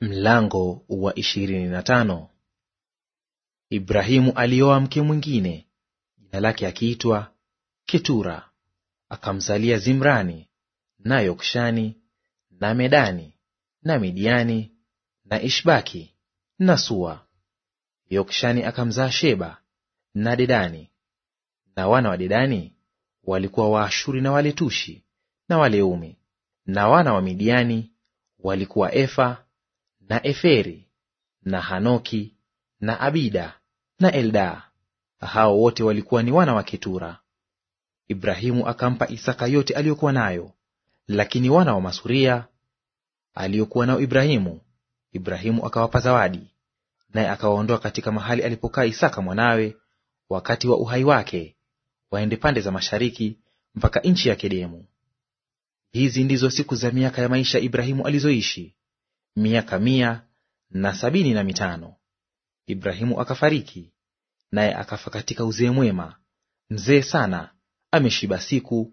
Mlango wa ishirini na tano. Ibrahimu alioa mke mwingine jina lake akiitwa Ketura, akamzalia Zimrani na Yokshani na Medani na Midiani na Ishbaki na Sua. Yokshani akamzaa Sheba na Dedani. Na wana wa Dedani walikuwa Waashuri na Waletushi na Waleumi, na wana wa Midiani walikuwa Efa na Eferi na Hanoki na Abida na elda Hao wote walikuwa ni wana wa Ketura. Ibrahimu akampa Isaka yote aliyokuwa nayo, lakini wana wa Masuria aliyokuwa nao Ibrahimu, Ibrahimu akawapa zawadi, naye akawaondoa katika mahali alipokaa Isaka mwanawe wakati wa uhai wake, waende pande za mashariki mpaka nchi ya Kedemu. Hizi ndizo siku za miaka ya maisha Ibrahimu alizoishi miaka mia na sabini na mitano. Ibrahimu akafariki, naye akafa katika uzee mwema, mzee sana, ameshiba siku,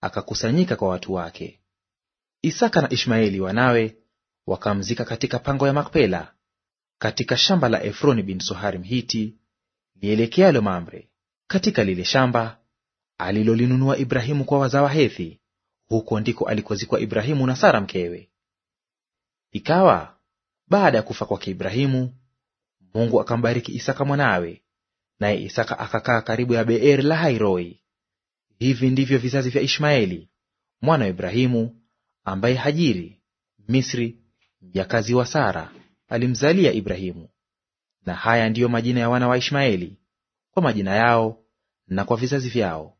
akakusanyika kwa watu wake. Isaka na Ishmaeli wanawe wakamzika katika pango ya Makpela katika shamba la Efroni bin Sohari Mhiti lielekealo Mamre, katika lile shamba alilolinunua Ibrahimu kwa wazawa Hethi. Huko ndiko alikozikwa Ibrahimu na Sara mkewe. Ikawa baada ya kufa kwake Ibrahimu, Mungu akambariki Isaka mwanawe, naye Isaka akakaa karibu ya Beer Lahairoi. Hivi ndivyo vizazi vya Ishmaeli mwana wa Ibrahimu, ambaye Hajiri Misri, mjakazi wa Sara, alimzalia Ibrahimu. Na haya ndiyo majina ya wana wa Ishmaeli kwa majina yao na kwa vizazi vyao.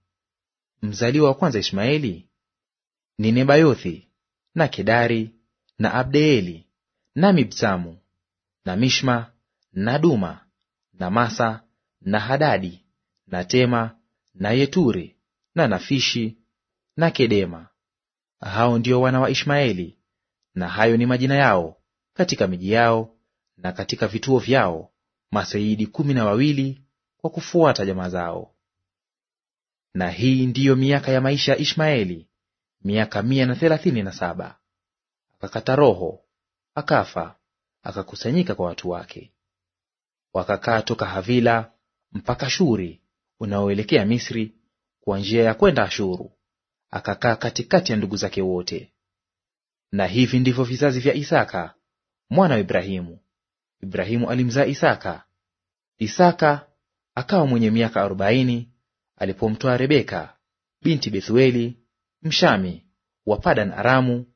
Mzaliwa wa kwanza Ishmaeli ni Nebayothi na Kedari na Abdeeli na Mibsamu na Mishma na Duma na Masa na Hadadi na Tema na Yeturi na Nafishi na Kedema. Hao ndio wana wa Ishmaeli, na hayo ni majina yao katika miji yao na katika vituo vyao, maseidi kumi na wawili kwa kufuata jamaa zao. Na hii ndiyo miaka ya maisha ya Ishmaeli, miaka mia na thelathini na saba akakata roho, akafa, akakusanyika kwa watu wake. Wakakaa toka Havila mpaka Shuri unaoelekea Misri kwa njia ya kwenda Ashuru, akakaa katikati ya ndugu zake wote. Na hivi ndivyo vizazi vya Isaka mwana wa Ibrahimu. Ibrahimu alimzaa Isaka. Isaka akawa mwenye miaka arobaini alipomtoa Rebeka binti Bethueli Mshami wa Padan Aramu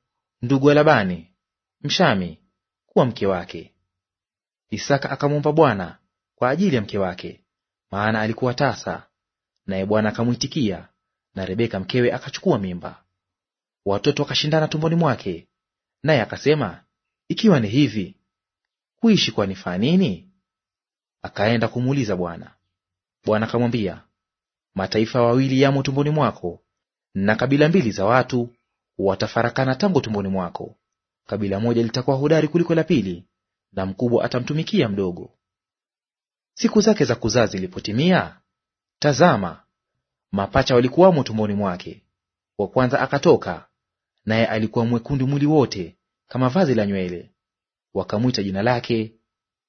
ndugu wa Labani Mshami kuwa mke wake. Isaka akamwomba Bwana kwa ajili ya mke wake, maana alikuwa tasa, naye Bwana akamwitikia, na Rebeka mkewe akachukua mimba. Watoto wakashindana tumboni mwake, naye akasema, ikiwa ni hivi, kuishi kwanifaa nini? Akaenda kumuuliza Bwana. Bwana akamwambia, mataifa wawili yamo tumboni mwako, na kabila mbili za watu watafarakana tangu tumboni mwako. Kabila moja litakuwa hodari kuliko la pili, na mkubwa atamtumikia mdogo. Siku zake za kuzaa zilipotimia, tazama, mapacha walikuwamo tumboni mwake. Wa kwanza akatoka, naye alikuwa mwekundu mwili wote kama vazi la nywele. Wakamwita jina lake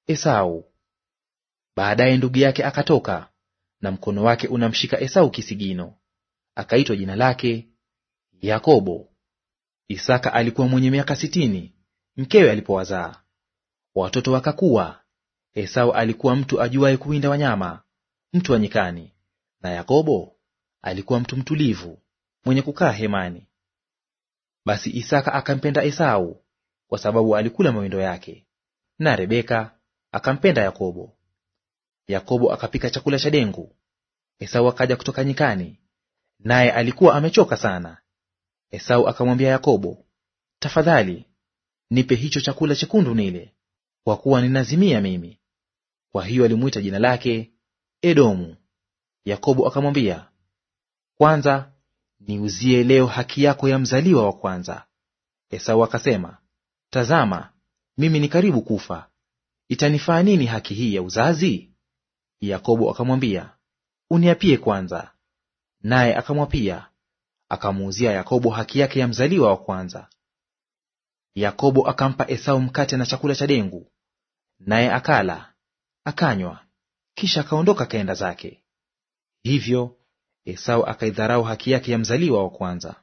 Esau. Baadaye ndugu yake akatoka, na mkono wake unamshika Esau kisigino, akaitwa jina lake Yakobo. Isaka alikuwa mwenye miaka sitini mkewe alipowazaa. Watoto wakakuwa. Esau alikuwa mtu ajuaye kuwinda wanyama, mtu wa nyikani, na Yakobo alikuwa mtu mtulivu, mwenye kukaa hemani. Basi Isaka akampenda Esau kwa sababu alikula mawindo yake, na Rebeka akampenda Yakobo. Yakobo akapika chakula cha dengu, Esau akaja kutoka nyikani, naye alikuwa amechoka sana. Esau akamwambia Yakobo, tafadhali nipe hicho chakula chekundu nile, kwa kuwa ninazimia mimi. Kwa hiyo alimwita jina lake Edomu. Yakobo akamwambia, kwanza niuzie leo haki yako ya mzaliwa wa kwanza. Esau akasema, tazama, mimi ni karibu kufa, itanifaa nini haki hii ya uzazi? Yakobo akamwambia, uniapie kwanza. Naye akamwapia, akamuuzia Yakobo haki yake ya mzaliwa wa kwanza. Yakobo akampa Esau mkate na chakula cha dengu, naye akala akanywa, kisha akaondoka kaenda zake. Hivyo Esau akaidharau haki yake ya mzaliwa wa kwanza.